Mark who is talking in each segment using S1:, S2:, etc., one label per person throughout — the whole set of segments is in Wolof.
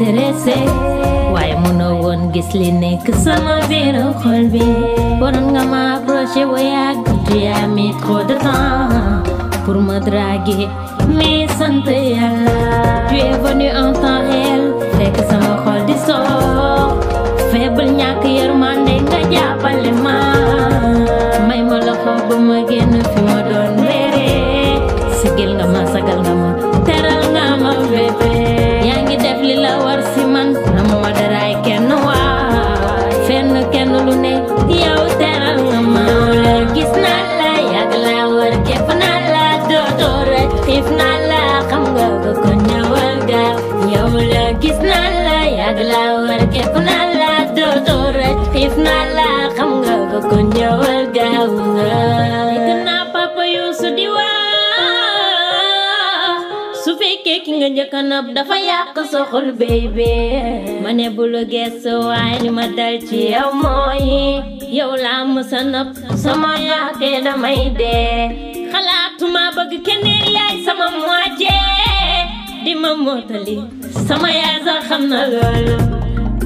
S1: intéressé waaye mënoo woon gis li nekk sama biiru xol bi waroon nga ma approché bu yàgg tu as mis trop de temps pour me draguer mais sant yàlla tu es venu en temps réel fekk sama xol di soox faible ñàkk yërmande nga ma man na ma daraay kenn waaw fenn lu ne yow teral nga ma gis naa la la dootoo rek xiif naa la xam nga ko kon ñëwal gaaw yow la gis naa la yàgg laa war képp naa la dootoo rek xiif naa la nga njëkk a nopp dafa yàq soxol bébé ma ne bu la gëstu waaye ma dal ci yow mooy yow laa mës a nopp sama yaakee damay dee xalaatuma bëgg keneen yaay sama moitié di ma mottali sama yaay sax xam na loolu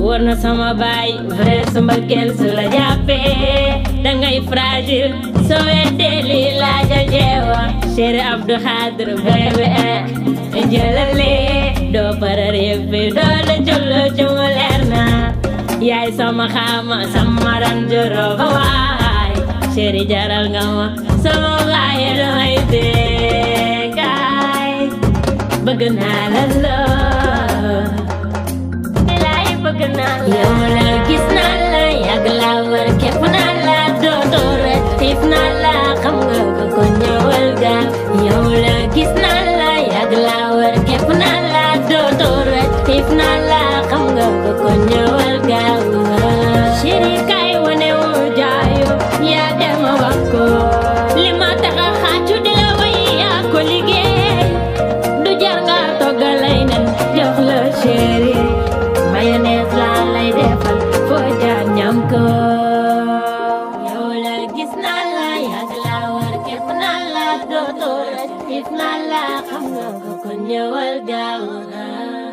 S1: war na sama baay vrai su mbëggeel su la jàppee dangay fragile soo weddee lii laaja Cheikh Abdou Khadr baby e eh, jëlale doo para réew bi doo la jullu ci leer na yaay sama xaama sama ranjoro ba waay Cheikh jaral nga ma sama waay dee kaay bëgg naa la lool laay bëgg naa la la gis naa la yàgg laa war képp naa la dootoo rek xiif naa la xiif naa la xam nga ko ko ñëwal gaaw nga chéri kay wane wu jaayu yaa dem wax ko li ma tax a xàccu di la way yaa ko liggéey du jar nga toggalay nan jox la chéri mayonnaise laa lay defal foo jaar ñam ko yow la gis naa la yàgg laa war képp naa la dootoo xiif naa la xam nga ko ko ñëwal gaaw nga